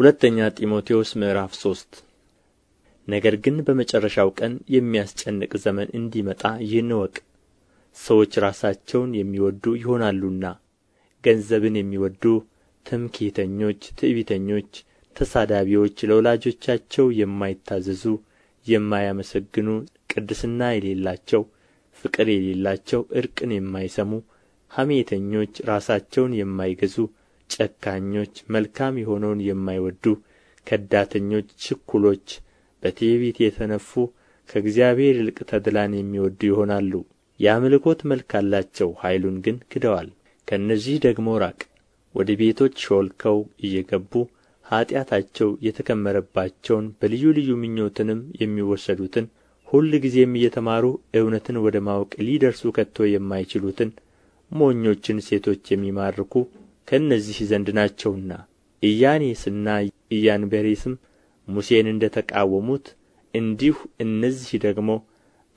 ሁለተኛ ጢሞቴዎስ ምዕራፍ ሶስት ነገር ግን በመጨረሻው ቀን የሚያስጨንቅ ዘመን እንዲመጣ ይህን እወቅ። ሰዎች ራሳቸውን የሚወዱ ይሆናሉና፣ ገንዘብን የሚወዱ፣ ትምክህተኞች፣ ትዕቢተኞች፣ ተሳዳቢዎች፣ ለወላጆቻቸው የማይታዘዙ፣ የማያመሰግኑ፣ ቅድስና የሌላቸው፣ ፍቅር የሌላቸው፣ እርቅን የማይሰሙ፣ ሐሜተኞች፣ ራሳቸውን የማይገዙ ጨካኞች መልካም የሆነውን የማይወዱ ከዳተኞች ችኩሎች በትዕቢት የተነፉ ከእግዚአብሔር ይልቅ ተድላን የሚወዱ ይሆናሉ የአምልኮት መልክ አላቸው ኃይሉን ግን ክደዋል ከእነዚህ ደግሞ ራቅ ወደ ቤቶች ሾልከው እየገቡ ኀጢአታቸው የተከመረባቸውን በልዩ ልዩ ምኞትንም የሚወሰዱትን ሁል ጊዜም እየተማሩ እውነትን ወደ ማወቅ ሊደርሱ ከቶ የማይችሉትን ሞኞችን ሴቶች የሚማርኩ ከእነዚህ ዘንድ ናቸውና ኢያኔስና ኢያንቤሬስም ሙሴን እንደ ተቃወሙት እንዲሁ እነዚህ ደግሞ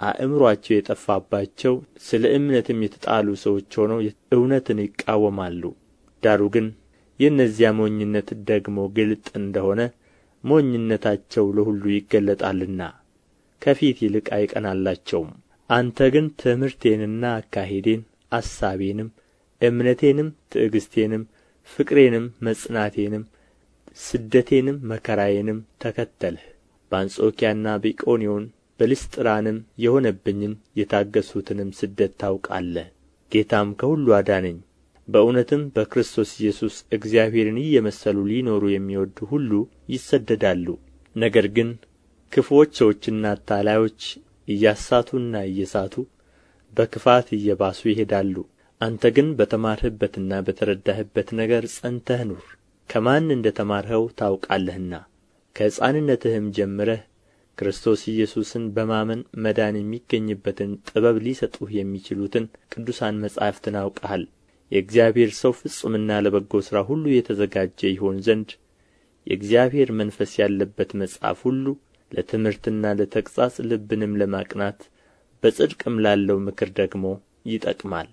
አእምሮአቸው የጠፋባቸው ስለ እምነትም የተጣሉ ሰዎች ሆነው እውነትን ይቃወማሉ ዳሩ ግን የእነዚያ ሞኝነት ደግሞ ግልጥ እንደሆነ ሞኝነታቸው ለሁሉ ይገለጣልና ከፊት ይልቅ አይቀናላቸውም አንተ ግን ትምህርቴንና አካሄዴን አሳቤንም እምነቴንም ትዕግሥቴንም ፍቅሬንም መጽናቴንም ስደቴንም መከራዬንም ተከተልህ በአንጾኪያና በኢቆንዮን በልስጥራንም የሆነብኝን የታገሱትንም ስደት ታውቃለህ ጌታም ከሁሉ አዳነኝ በእውነትም በክርስቶስ ኢየሱስ እግዚአብሔርን እየመሰሉ ሊኖሩ የሚወዱ ሁሉ ይሰደዳሉ ነገር ግን ክፉዎች ሰዎችና አታላዮች እያሳቱና እየሳቱ በክፋት እየባሱ ይሄዳሉ አንተ ግን በተማርህበትና በተረዳህበት ነገር ጸንተህ ኑር ከማን እንደ ተማርኸው ታውቃለህና ከሕፃንነትህም ጀምረህ ክርስቶስ ኢየሱስን በማመን መዳን የሚገኝበትን ጥበብ ሊሰጡህ የሚችሉትን ቅዱሳን መጻሕፍትን አውቀሃል የእግዚአብሔር ሰው ፍጹምና ለበጎ ሥራ ሁሉ የተዘጋጀ ይሆን ዘንድ የእግዚአብሔር መንፈስ ያለበት መጽሐፍ ሁሉ ለትምህርትና ለተግሣጽ ልብንም ለማቅናት በጽድቅም ላለው ምክር ደግሞ ይጠቅማል